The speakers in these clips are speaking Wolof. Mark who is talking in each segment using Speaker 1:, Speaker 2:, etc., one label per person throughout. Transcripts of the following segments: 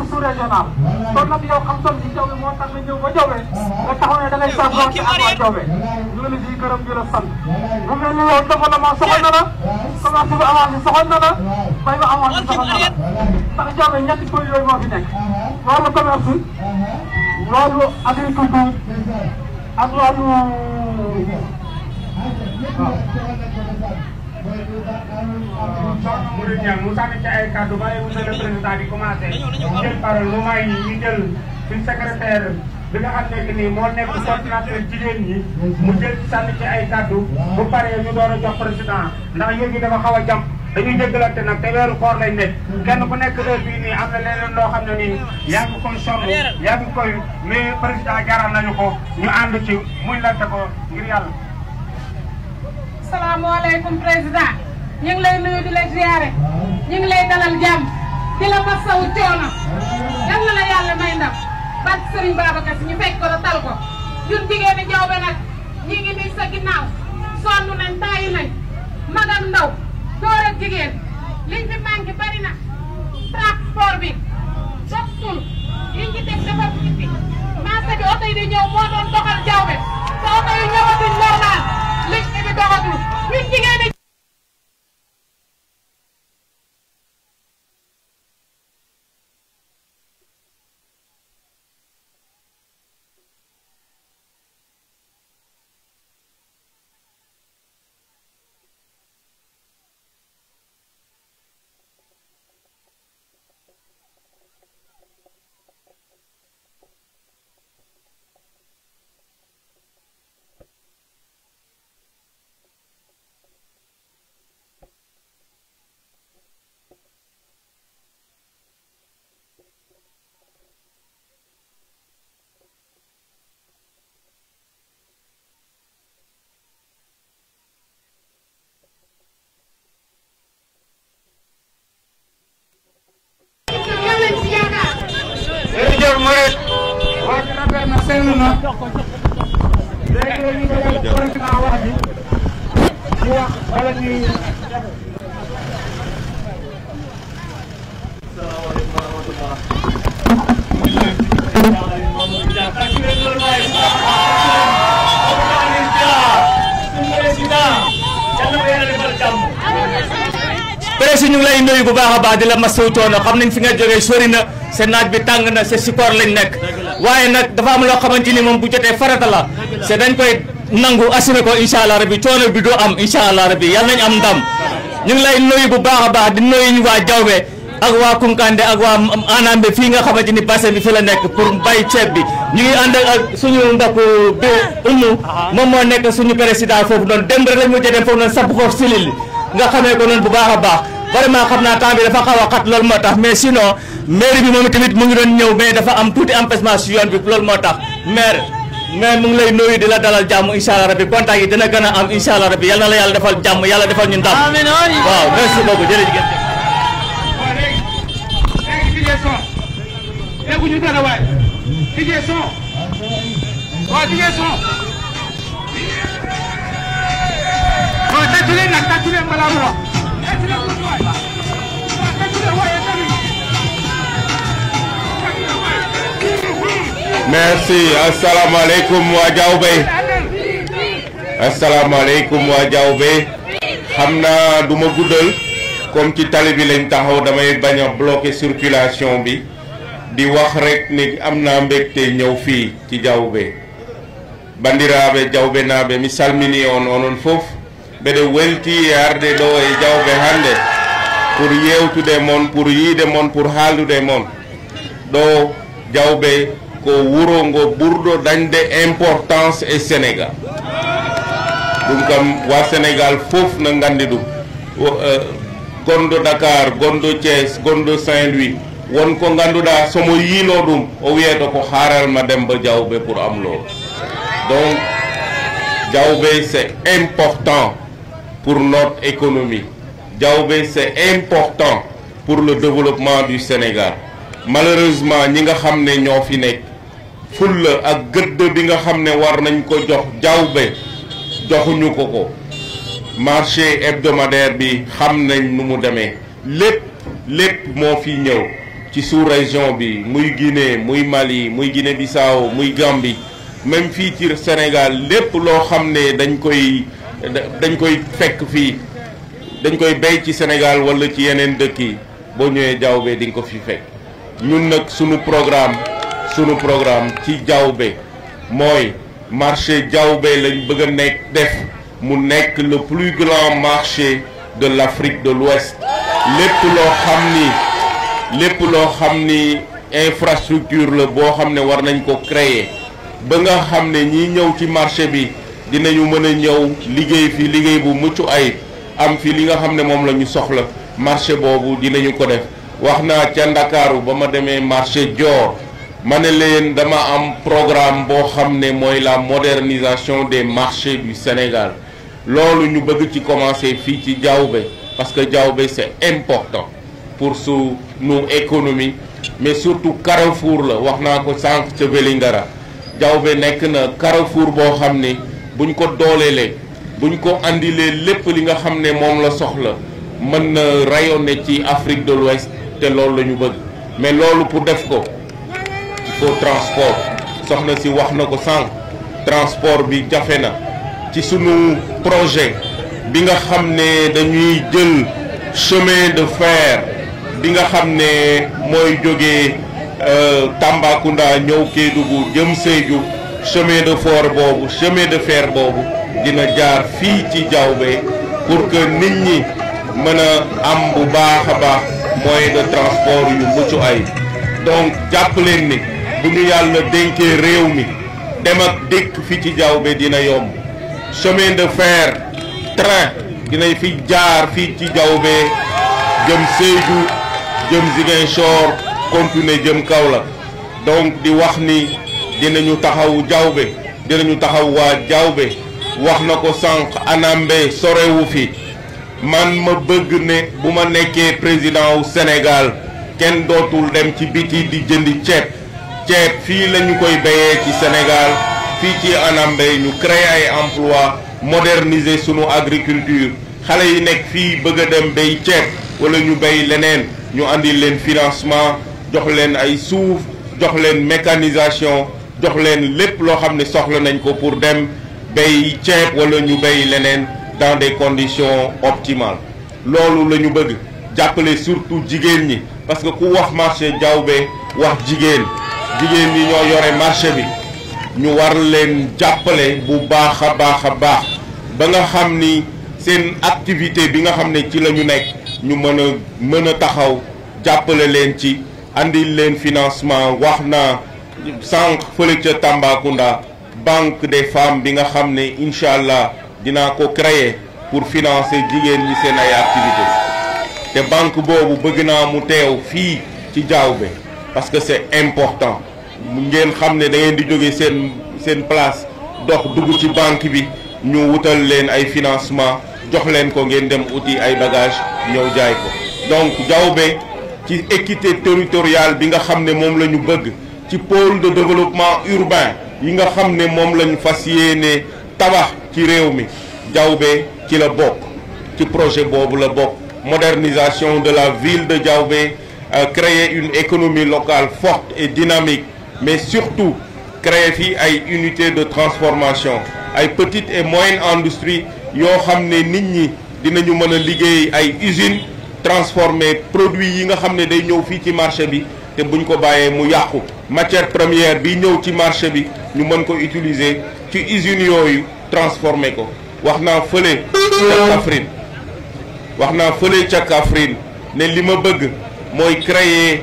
Speaker 1: ci sous-régional kon nag yow xam-xam ci Jawbe moo tax nga ñëw ba Jawbe nga taxaw ne da ngay saafara ci ak waa Jawbe ñu ngi la ciy gërëm di la sant mu mel ni yow développement soxal na la commencé bu avancé soxal na la bay bu avancé soxal na la ndax Jawbe ñetti pël yooyu moo fi nekk wàllu commerce wàllu agriculture ak wàllu waaw soxna Modou Dieng mu sànni ay kàddu bàyyi monsieur le di commencé ñu jël parole lu may ñi ñu jël suñ secrétaire bi nga xam ne que nii moo nekk coordinateur jigéen ñi mu jël sànni ci ay kàddu bu paree ñu door a jox président ndax yéen ñi dafa xaw a jàpp dañuy jéggalante na te weeru koor lañ nekk kenn ku nekk heure bii nii am na loo xam ne nii yaa so ya sonn yaa ngi koy mais président jaral nañu ko ñu ànd ci mu lante ko ngir asalaamaaleykum président ñu ngi lay di la ziare ñu lay dalal jàmm di la masawu coono yal na may ndam barke Serigne Babacar ñu fekk ko tal ko ñun jigéeni Diawbe nag ñi ngi nii sa ginnaaw nañ taayi nañ mag ak ndaw jigéen liñ fi manqué bari na transport bi sottul liñ ci teg dafa oto yi di ñëw moo doon doxal Diawbe te oto yi ñëwatuñ normal liñ fi bi doxatul Assalamualaikum warahmatullahi presse c'est dañ koy nangu assuré ko incha allah rabi coono bi du am incha allah rabi yal nañ am ndam ñu ngi lay nuyu bu baax a baax di nuyu waa Diawbe ak waa Kunkande ak waa Anambe fii nga xamante ni bassin bi fi la nekk pour bay ceeb bi ñu ngi ànd ak suñu ndap bi umu moom moo nekk suñu président foofu noonu démb rek lañ mujjee dem foofu noonu sapp foofu silil nga xamee ko noonu bu baax a baax vraiment xam naa temps bi dafa xaw a xat loolu moo tax mais sinon maire bi moom tamit mu ngi doon ñëw mais dafa am tuuti empêchement si moo tax maire mais mu ngi lay nuyu di la dalal jàmm incha allah rabi contact yi dina gën am incha allah rabi yal na la yàlla defal jàmm yàlla defal ñu ndam. amiin waaw merci beaucoup jërëjëf. dégguñu dara waay. tijjee son. waaw tijjee son. waaw tàcculee nag tàcculee balaa mu wax. tàcculee waay. Merci. Assalamu alaikum wa Diaobé. Assalamu alaikum wa Diaobé. Xam duma du comme ci tali bi lañ taxaw damay bañ bloquer circulation bi di wax rek ni amna naa mbégte ñëw fii ci Diaobé. Bandiraɓe na be mi salmini on onon fof mbeɗe welti e arde do e Diaobé hande. pour tu mon pour yiide mon pour de mon Do Diaobé ko Wurongo, ngo ɓurɗo importance e sénégal ɗum kam wa sénégal fof na nganndi ɗum euh, dakar Gondo Thiès Gondo saint louis ko ngannduɗa somo yiino ɗum o wiyeeto ko dem ba jawbe pour amlo donc jawbe c'est important pour notre économie jawbe c'est important pour le développement du sénégal malheureusement ñi nga xamné ño fi nek fulla ak gëdd bi nga xam ne war nañ ko jox jawbe joxuñu ko ko marché hebdomadaire bi xam nañ nu mu demee lépp lépp moo fi ñëw ci sous-région bi muy Guinée muy Mali muy Guinée-Bissau muy Gambie même fii ci Sénégal lépp loo xam ne dañ koy dañ koy fekk fii dañ koy bay ci Sénégal wala ci yeneen dëkk yi boo ñëwee jawbe di nga ko fi fekk ñun nag sunu programme sunu programme ci jawbe moy marché jawbe lañ bëgg nekk def mu nekk le plus grand marché de l'Afrique de l'Ouest lepp lo xamni lepp lo xamni infrastructure le bo xam war nañ ko créer ba nga xam ñi ñëw ci marché bi dinañu mëna a ñëw liggéey fi liggéey bu muccu ay am fi li nga xam mom lañu soxla marché bobu dinañu ko def wax naa ca Dakar ba ma marché Dior nous suis un programme la modernisation des marchés du Sénégal Lolu ñu bëgg ci commencer fi ci parce que c'est important pour nos économies, mais surtout carrefour la na carrefour bo xamné buñ ko pour buñ ko andilé lépp li nga la soxla mën Afrique de l'Ouest té que nous mais Nous pour def ko pour transport soxna ci waxnako na transport bi jafena ci sunu projet bi nga xamné dañuy jël chemin de fer bi nga xamné moy joggé euh Tambacounda ñëw Kédougou jëm chemin de fer bobu chemin de fer bobu dina jaar fi ci Diaobé pour que nit ñi mën am bu baaxa baax moyen de transport yu muccu ay donc japp leen ni bu ñu yàlla dénkee réew mi dem ak dikk fi ci Diaoubé dina yomb chemin de fer train dinañ fi jaar fi ci Diaoubé jëm Sédhiou jëm Ziguinchor continuer jëm Kaolack donc di wax ni dinañu taxaw Diaoubé dinañu taxaw waa Diaoubé wax na ko sànq Anambé sorewu fi man ma bëgg ne bu ma nekkee président wu Sénégal kenn dootul dem ci biti di jëndi ceeb ceeb fii la ñu koy béyee ci Sénégal fii ci Anambey ñu créer ay emploi moderniser sunu agriculture xale yi nekk fii bëgg a dem béy ceeb wala ñu béy leneen ñu andi leen financement jox leen ay suuf jox leen mécanisation jox leen lépp loo xam ne soxla nañ ko pour dem béy ceeb wala ñu béy leneen dans des conditions optimales loolu la ñu bëgg jàppale surtout jigéen ñi parce que ku wax marché Diaoubé wax jigéen jigéen ñi ñoo yore marché bi ñu war leen jàppale bu baax a baax a baax ba nga xam ni seen activité bi nga xam ne ci la ñu nekk ñu mën a mën a taxaw jàppale leen ci andil leen financement wax na sànq fële ca Tambacounda banque des femmes bi nga xam ne incha allah dinaa ko créer pour financer jigéen ñi seen ay te banque boobu bëgg naa mu teew fii ci Diaobé parce que c'est important ngeen xamné da ngeen di joggé seen seen place dox dugg ci banque bi ñu wutal leen ay financement jox leen ko ngeen dem outil ay bagage ñëw jaay ko donc Diaobé ci équité territoriale bi nga xamné mom lañu bëgg ci pôle de développement urbain yi nga xamné mom lañu fasiyéné tabax ci réew mi Diaobé ci la bokk ci projet bobu la bokk modernisation de la ville de Diaobé euh, créer une économie locale forte et dynamique mais surtout créer une unité de transformation Une petite et moyenne industrie yo xamné nit ñi dinañu transformer produits yi nga xamné day ñëw fi ci marché bi té buñ ko bayé mu matière première bi ñëw ci marché utiliser ci usines yooyu transformer ko waxna feulé créer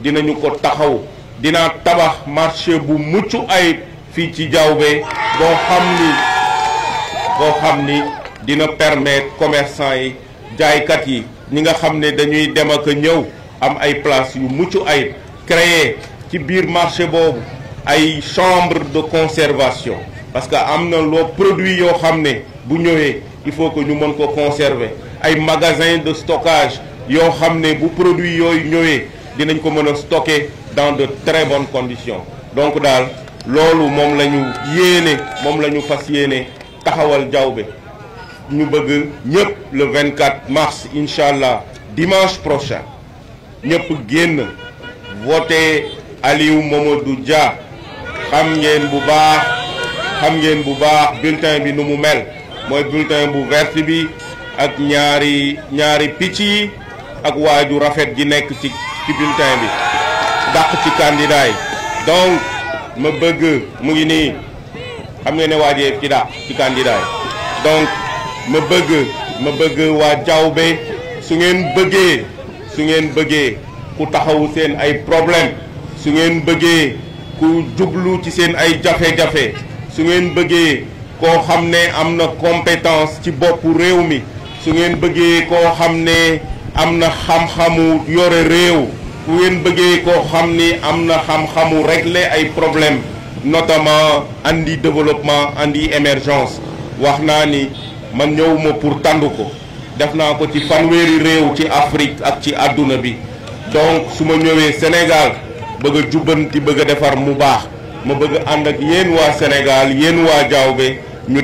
Speaker 1: dinañu ko taxaw dina tabax marché bu muccu ay fi ci jawbe bo xamni bo xamni dina permettre commerçant yi kat yi ñi nga xamne dañuy dem ak ñew am ay place yu muccu ay créer ci bir marché bobu ay chambre de conservation parce que am lo produit yo xamne bu ñewé il faut que ñu mën ko conserver ay magasin de stockage yo xamne bu produit yoy ñewé dinañ ko mëna stocker dans de très bonnes conditions donc dal lolu mom lañu yéné mom lañu la fas yéene taxawal nous ñu bëgg ñëpp le 24 mars inshallah dimanche prochain ñëpp génn voter Aliou Momodou Dia xam ngeen bu baax xam ngeen bu baax bulletin bi nu mu mel moy bulletin bu vert bi ak ñaari ñaari ak waaju rafet ji nekk ci ci bulletin bi dàq ci candidat yi donc ma bëgg mu ngi nii xam nga ne waajee ci dàq ci candidat donc ma bëgg ma bëgg waa jawbe su ngeen bëggee su ngeen bëggee ku taxawu seen ay problème su ngeen bëggee ku jublu ci seen ay jafe-jafe su ngeen bëggee koo xam ne am na compétence ci boppu réew mi su ngeen bëggee koo xam ne Amna na xam-xamu yore réew ku ngeen bëggee amna xam ni am xam-xamu régler ay problèmes notamment andi développement andi émergence wax ni man ñëwuma pour tànd ko def naa ko ci adu nabi, ci Afrique ak ci àdduna bi donc su ma ñëwee Sénégal bëgg a jubbanti bëgg a defar mu baax ma bëgg ànd ak yéen waa Sénégal yéen waa Diaobé ñu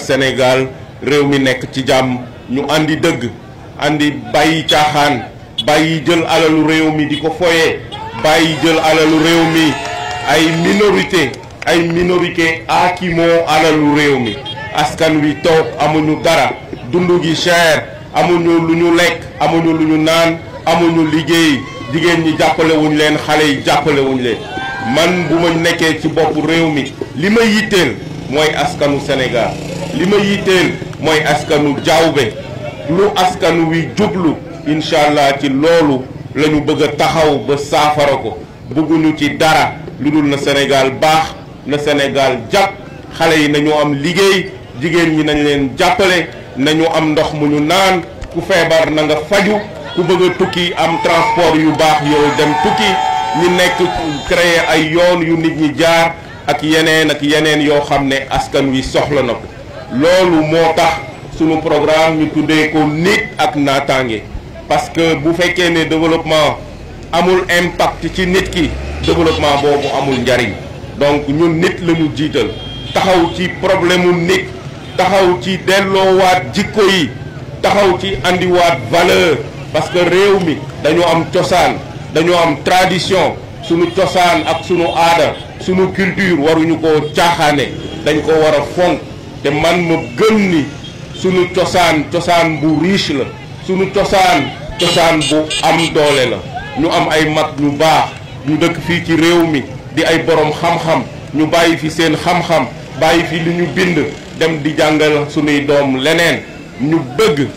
Speaker 1: Sénégal mi nekk ci ñu andi dëgg andi bàyyi caaxaan bàyyi jël alalu réew mi di ko foyee bàyyi jël alalu réew mi ay minorité ay minorité aakimoo alalu réew mi askan wi toog amuñu dara dund gi cher amuñu lu ñu lekk amuñu lu ñu naan amuñu liggéey jigéen ñi jàppale leen xale yi jàppale wuñ leen man bu ma nekkee ci boppu réew mi li ma yitteel mooy askanu Sénégal li ma yitteel mooy askanu Diaobé lu askan wi jublu incha allah ci loolu la ñu bëgg taxaw ba saafara ko bëgguñu ci dara lu dul na Sénégal baax na Sénégal jàpp xale yi nañu am liggéey jigéen ñi nañ leen jàppale nañu am ndox mu ñu naan ku feebar na nga faju ku bëgg a tukki am transport yu baax yow dem tukki ñu nekk créer ay yoon yu nit ñi jaar ak yeneen ak yeneen yoo xam ne askan wi soxla na ko loolu moo tax sunu programme ñu tuddee ko nit ak naataange parce que bu fekkee ne développement amul impact ci nit ki développement boobu amul njariñ donc ñun nit la ñu jiital taxaw ci problème nit taxaw ci delloowaat jikko yi taxaw ci andiwaat valeur parce que réew mi dañoo am cosaan dañoo am tradition sunu cosaan ak sunu ada sunu culture waruñu ko caaxaane dañ ko war a fonk te man gëm ni sunu cosaan cosaan bu riche la sunu cosaan cosaan bu am doole la ñu am ay mat ñu baax ñu dëkk fii ci réew mi di ay borom xam-xam ñu bàyyi fi seen xam-xam bàyyi fi li ñu bind dem di jàngal sunuy doom leneen ñu bëgg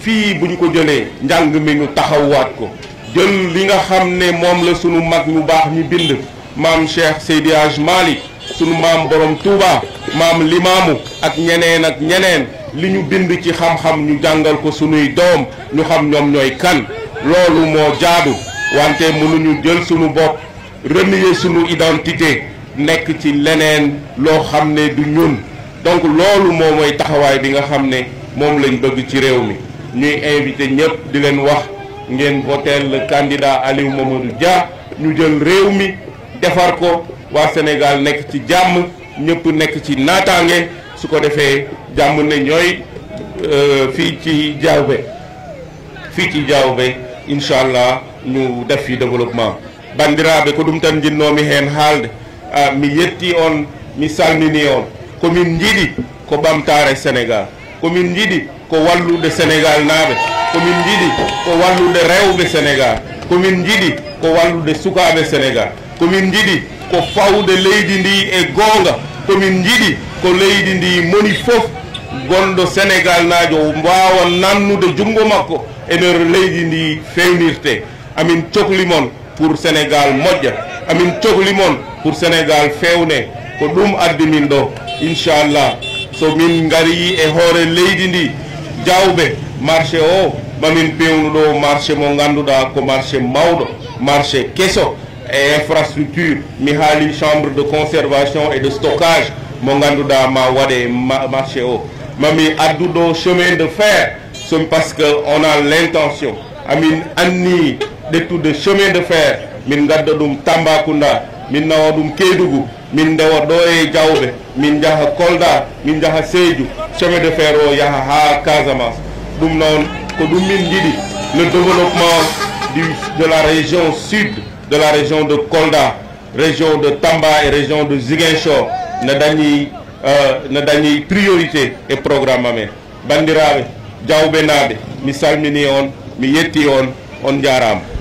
Speaker 1: fii bu ñu ko jëlee njàng mi ñu taxawaat ko jël li nga xam ne moom la sunu mag ñu baax ñu bind maam Cheikh Seydi Hadj Malick sunu maam borom Touba maam Limaamu ak ñeneen ak ñeneen li ñu bind ci xam-xam ñu jàngal ko sunuy doom ñu xam ñoom ñooy kan loolu moo jaadu wante mënuñu jël sunu bopp renier sunu identité nekk ci leneen loo xam ne du ñun donc loolu moo mooy taxawaay bi nga xam ne moom lañ bëgg ci réew mi ñuy invité ñëpp di leen wax ngeen voteel le candidat Aliou Mamadou Dia ñu jël réew mi defar ko waa Sénégal nekk ci jàmm ñëpp nekk ci naataange su ko defee jàmm ne ñooy euh, fii ci jawbe fii ci jawbe inca allah ñu def fi développement bandiraaɓe ko ɗum tan njinnoo mi heen haalde ah, mi yetti on mi salmini on komin njiɗi ko ɓamtaare sénégal komin njiɗi ko walluɗe sénégal naaɓe komin njiɗi ko walluɗe rewɓe sénégal komin njiɗi ko walluɗe sukaaɓe sénégal komin njiɗi ko fawde leydi ndi e goonga komin njiɗi ko leydi ndi moni fof Gondo sénégal najo mbawa nannude de makko enen leydi ndi fewnirte amin cohli pour sénégal moƴƴa amin cohli pour sénégal fewne ko ɗum addi min ɗo so min gari e hoore leydi ndi jawɓe marché o mamin pewnuɗo marché mo ganduɗa ko marché mawɗo marché kesso e infrastructure mi haali chambre de conservation et de stockage mo ganduɗa mawade waɗe marché o mami Adudo chemin de fer c'est parce qu'on on a l'intention amin anni de chemin de fer min gadda tamba kunda, min nawa ɗum keydugu min ndewa ɗo e min jaha kolda min jaha seju, chemin de fer o yaha ha casamance Dum non, ko min le développement de la région sud de la région de kolda région de tamba et région de ziguinchor Nadani. Eh, no dañi priorité e programme amen bandiraɓe diawɓe naaɓe mi salmini on mi yetti on on jarama